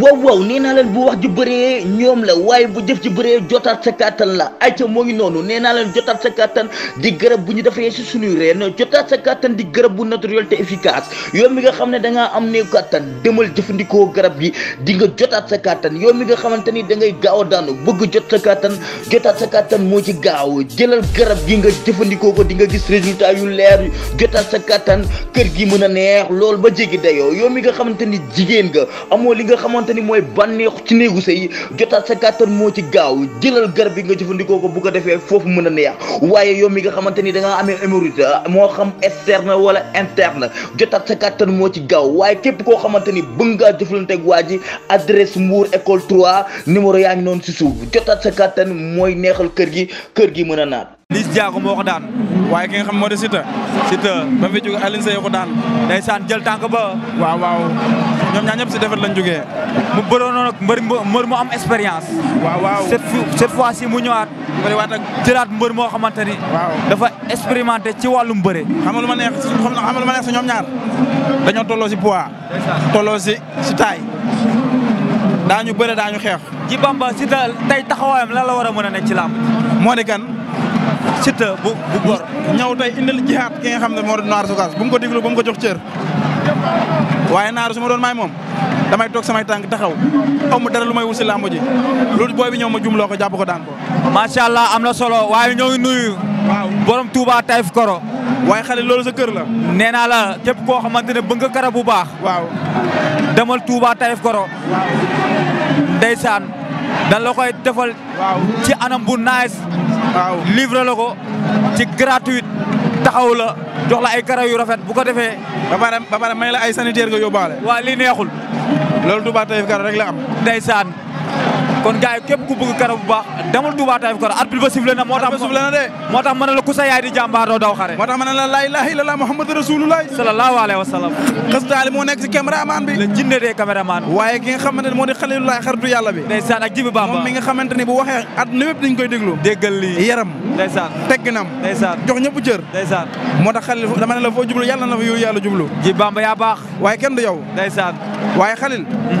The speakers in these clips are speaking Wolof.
waaw waaw nee naa leen bu wax ji bëree ñoom la waaye bu jëf ji bëree jotaat sa kàttan la ayca moo ngi noonu nee naa leen jotaat sa kàttan di garab bu ñu defee si suñuy reen jotaat sa kàttan di garab bu naturel te efficace yow mi nga xam ne da ngaa am néew kàttan demal jëfandikoo garab gi di nga jotaat sa kàttan yow mi nga xamante ni da ngay gaaw a daanu bëgg jot sa kàttan jotaat sa kàttan moo ci gaaw jëlal garab gi nga jëfandikoo ko di nga gis résultat yu leer jotaat sa kàttan kër gi mën a neex lool ba jéggi dayoo yow mi nga xamante ni jigéen nga amoo li nga xam xamante ni mooy bànneexu ci néegu sëy jotaat sa kàttan moo ci gaaw jëlal garab bi nga jëfandikoo ko bu ko defee foofu mën a neex waaye yow mi nga xamante ni da ngaa amee hémorroïde moo xam externe wala interne jotaat sa kàttan moo ci gaaw waaye képp koo xamante ni bëgg ngaa jëflanteeg waa ji adresse Mbour école 3 numéro yaa ngi noonu si suuf jotaat sa kàttan mooy neexal kër gi kër gi mën a naat. Liss Ndiago moo ko daan. waye ki nga xam mo de Siteu Siteu ba fi jóge aline sey ko dal day san jël tank ba waaw waaw ñom ñaar ñep ci defet lañ joggé mu bëroonoo nak mbeur mbeur mu am expérience waaw waaw cette cette fois ci mu ñëwaat waat ak jëraat mbeur mo xamante waaw dafa expérimenter ci walu bëre xam lu ma neex xam na lu ma neex ñom ñaar dañu tolo ci poids tolo ci ci tay dañu bëre dañu xex ci bamba ci tay taxawaayam la la wara mëna mën a nekk ci làmb moo di kan Siteu bu bu gor ñëw tey indil jihaat ki nga xam ne moo doon Naar Sogas bu mu ko déglu bu mu ko jox cër waaye Naar su ma doon maay moom damay toog samay tànk taxaw aw ma dara lu may wut si làmb ji loolu booy bi ñëw ma jumloo ko jàpp ko daan ko. macha allah am na solo waaye ñoo ngi nuyu. waaw borom Touba Taïf Koro. waaye xale loolu sa kër la. nee naa la képp koo xamante ne bëgg nga kara bu baax. waaw demal Touba Taïf Koro. waaw ndeysaan dañ la koy defal. ci anam bu nice. waaw livré la ko ci gratuite taxaw la jox la ay karaw yu rafet bu ko defee. ba pare ba pare may la ay sanitaire nga yóbbaale. waa li neexul. loolu Touba Taïf Kara rek la am. ndeysaan kon gars yi képp ku bëgg kara bu baax demal Touba Taif kara arbitre ba sifflé na na moo tax ma ne la ku yaay di jàmbaar doo daw xare moo tax ma ne la laa ilaaha illallaah Muhammadu sallallahu alayhi wa sallam xëstaali moo nekk si caméraman bi la jinne dee caméraman waaye ki nga xamante ne moo di xalilullaay xaritu yàlla bi ndeysaan ak jibi bamba moom mi nga xamante ne bu waxee àdduna wépp dañ koy déglu déggal lii yaram ndeysaan tegginam ndeysaan jox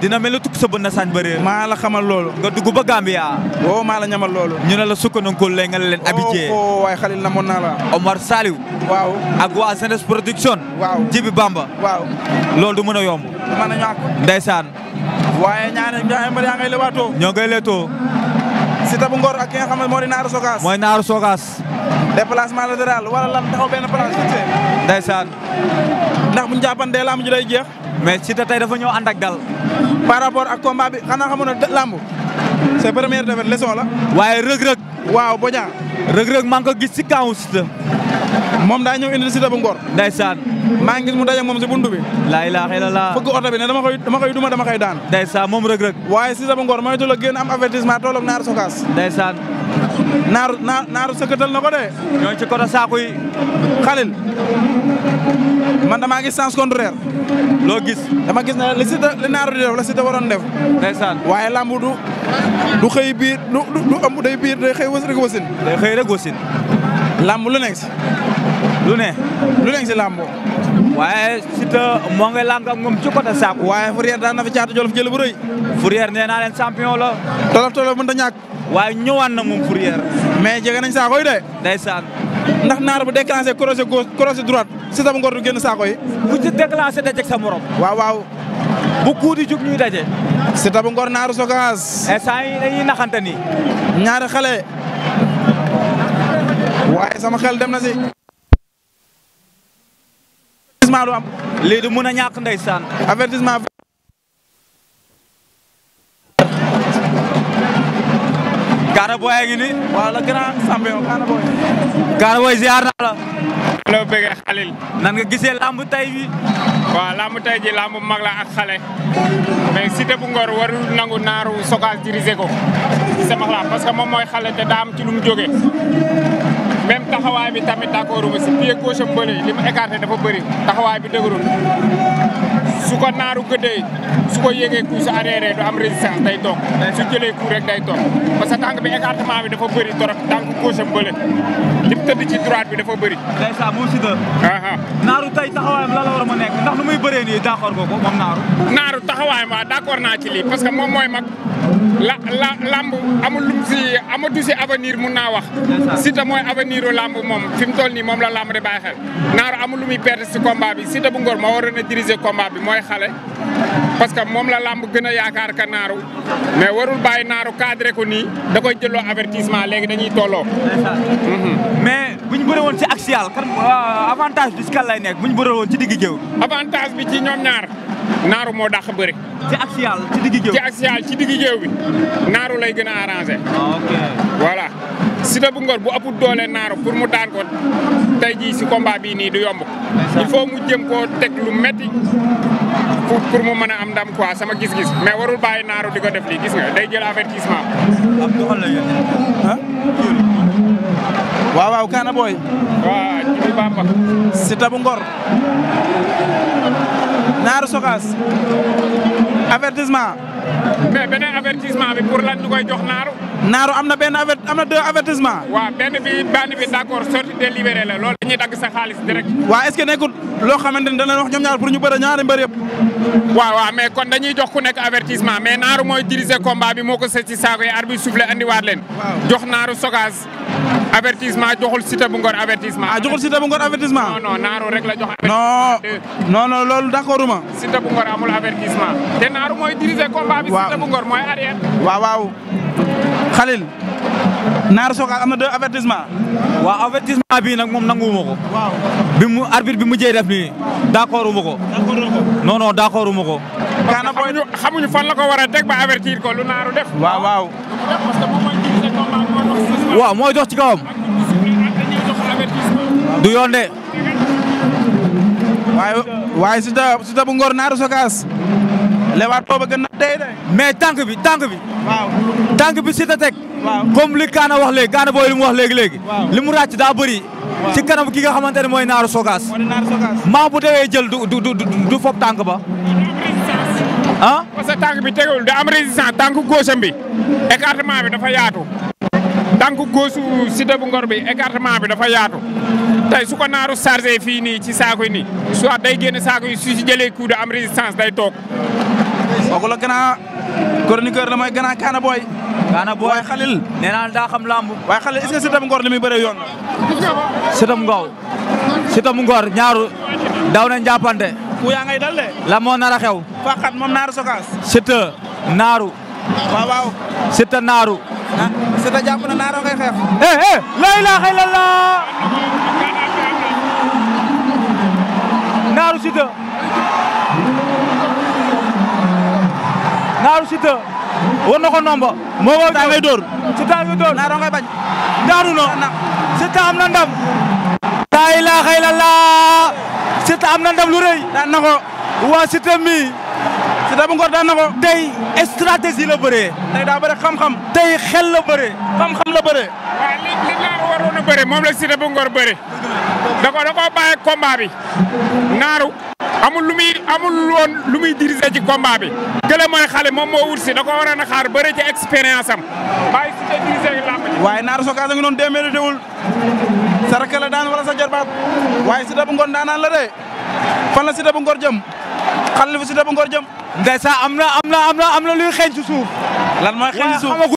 dina mel tuk sa bonna sañ bëri ma la xamal lolu nga duggu ba Gambia wo ma la ñamal lolu ñu ne la lay nga leen abidjé oh way xalil na na la Omar saliw waaw ak wa Senes production waaw Jibi Bamba waaw lolu du mën yom yomb du mën a ñàkk ñaan waaye ñaane ñaane mbër ngay lewaatoo ñoo ngay tabu ngor ak nga xamal mori naaru déplacement latéral wala lan taxaw ben place ci ndaysan ndax bu ñu dé la mu ji jeex mais tay dafa dal par rapport ak combat bi xana xamone na lamb c'est première défaite leçon la. waye reug reug waaw Boña. reug reug maa ngi ko gis ci kaw Siteu. moom daa ñëw indi Siteu bu ngor. ndaysan maa ngi gis mu dajé mom ci buntu bi. laa ilaaha illallaah. fëgg auto bi ne dama koy dama koy duma dama koy daan. ndaysan mom reug reug waye ci Siteu bu ngor moytu la génn am avertissement tolloog naar sokas ndaysan naaru naaru sëkkatal na ko de. ñoo ci côté man damaa gis sens contraire. loo gis. dama gis na li si li naaru di def la si da waroon def. ndeysaan waaye lamb du du xëy biir du du day biir day xëy wës rek lu nekk lu ne. lu nekk si lamb. waaye Siteu moo ngi làng ak moom ci côté waaye Fourier daan na fi caatu Jolof jël bu rëy. Fourier nee naa leen tolof tolof mënut a waaye ñëwaan na moom fourrière. mais jege nañ saa yi de. ndeysaan. ndax naar bu déclenché croisé gauche croisé droite Siteu bu Ngor du génn saako yi. bu ci déclenché dajeeg sa morom. waaw waaw. bu kuuti jug ñuy daje. Siteu bu Ngor naaru Sogas. instant na dañuy naxante ni ñaar xale. waaye sama xel dem na si. avertissement du am. léegi du mun a ñàkk ndeysaan. avertissement. Kaana Boy a ngi nii wala grand champion la. loo bëggee Xalil. nga gisee lamb tay bi. waaw lamb tay ji lamb mag la ak xale. mais Siteu bu Ngor warul nangu naaru Sogas diriger ko. sama xalaat parce que moom mooy xale te daa am ci lu mu jógee. même taxawaay bi tamit d'accord ma si pied gauche am bële li mu dafa bëri taxawaay bi dëgërul su naaru gëddee. ko yéegee coup su arrière du am résistance day toog su jëlee coup rek day toog parce que tànk bi écartement bi dafa bëri trop tànk gauche am bële li mu tëdd ci droite bi dafa bëri ndeysaan moom si dër naaru tey taxawaayam la la war a ma nekk ndax nu muy nii d'accord nga ko moom naaru naaru taxawaayam waaw d'accord naa ci lii parce que moom mooy mag la la lamb amul lum si amatu si avenir mun naa wax Siteu mooy avenir u lamb moom fi mu toll nii moom la lamb di bàyyi xel naaru amul lu muy perdre si combat bi Siteu a diriger combat bi mooy xale moom la làmb gën a yaakaar ka naaru mais warul bàyyi naaru cadré ko nii da koy jëloo avertissement léegi dañuy tolloo. Mm-hmm. mais bu ñu bëree woon ci axial kan euh, avantage bi ci kan lay nekk bu ñu bëree woon ci digg géew. avantage bi ci ñoom ñaar naaru moo dàq bëri. ci axial ci digg géew ci axial ci digg géew bi naaru lay gën a arrangé. Ah, ok voilà. Siteu bu Ngor bu ëpp doole naaru pour mu daan ko tey jii si combat bii nii du yomb. il faut mu jëm koo teg lu metti pour mu mën a am ndam quoi sama gis-gis mais warul bàyyi naaru di ko def lii gis nga day jël avertissement. ab doxal la yéen Kaana Boy. waaw Jibi Bamba. Siteu bu Ngor. naaru Sokaas avertissement. mais beneen avertissement bi pour lan ñu koy jox naaru. naaru am na benn avert am na deux avertissement. waaw benn bi benn bi d' accord sortie dañuy dagg sa xaalis direct. waaw est ce que nekkul loo xamante ni danañ wax ñoom ñaar pour ñu bëre ñaari mbër waa waaw waaw mais kon dañuy jox ku nekk avertissement mais naaru mooy diriger combat bi moo ko seet saako yi arbitre soufflé andiwaat leen. jox naaru sogaas. avertissement joxul Siteu bu Ngor avertissement. ah joxul Siteu bu Ngor avertissement. loolu d' accord ma. amul avertissement. te Naaru mooy diriger combat bi. mooy arrière. waaw waaw Khalil. Naar Soka am na deux avertissement. waaw avertissement bii nag moom nanguwuma ko. bi mu arbitre bi mu mujjee def nii d' accord ko. d' accord ko non ko. kaana booy xamuñu fan ko war a teg ba avertir ko lu naaru def. waaw mooy dox ci kawam. du yoon waaye waaye Siteu Siteu bu Ngor naaru sokaas. lewaat boobu gën na dey de. mais tànk bi tànk bi. waaw bi si teg. waaw comme li Kaana wax léegi Kaana booy li mu wax léegi léegi. li mu ràcc daa bëri. ci kanam ki nga xamante ne mooy naaru sokaas. maa bu dewee jël du du du tànk ba. ah. parce que tànk bi tegul da am résistance tànk góosam bi écartement bi dafa yaatu. tànku gosu cité bu Ngor bi écartement bi dafa yaatu tay suko ko naaru chargé fii nii ci saako ni nii soit day génn saako yi su ci jele coup de am résistance day tok bako la gëna chroniqueur la mooy gëna kana Boy. kana Boy Khalil. neena da xam lamb way khalil est ce cité bu Ngor limi muy yoon cité bu Ngor cité bu Ngor ñaaru daw na jàppante. ku ya ngay dal de. la mo nar xew. faqat mom naaru sokas cité naaru. waaw waaw. cité naaru. ah Siteu jàpp na Ndaro ngay xeex. eh eh la ilaha illallah. Ndaaru Siteu. Ndaaru Siteu. war na ko nomba. moo ko ngay dóor. Siteu ngay dóor Ndaro ngay bañ. daanu na Siteu am na ndam. la ilaha illallah. Siteu am na ndam lu rëy. daan na ko waa Siteu mi. Siteu bu Ngor daan na ko. tey stratégie la bëree. tey daa bëri xam-xam. tey xel la bëree. xam-xam la bëree. waaw li li naar waroon a bëree moom la Siteu bu Ngor bëree. da ko da koo bàyyi combat bi. naaru amul lu muy amul woon lu muy diriger ci combat bi. kële mooy xale moom moo wut si da ko waroon a xaar bëri ci expérience am. bàyyi Siteu diriger làmb ji. waaye naaru Sokaas a ngi doon démérité wul. sa rakk la daan wala sa jarbaat waaye Siteu bu Ngor daanaan la de fan la Siteu bu Ngor jëm. xale bu Siteu bu Ngor jëm. ndeysaan am na am na am na luy xeeñ ci suuf. lan mooy xeeñ ci suuf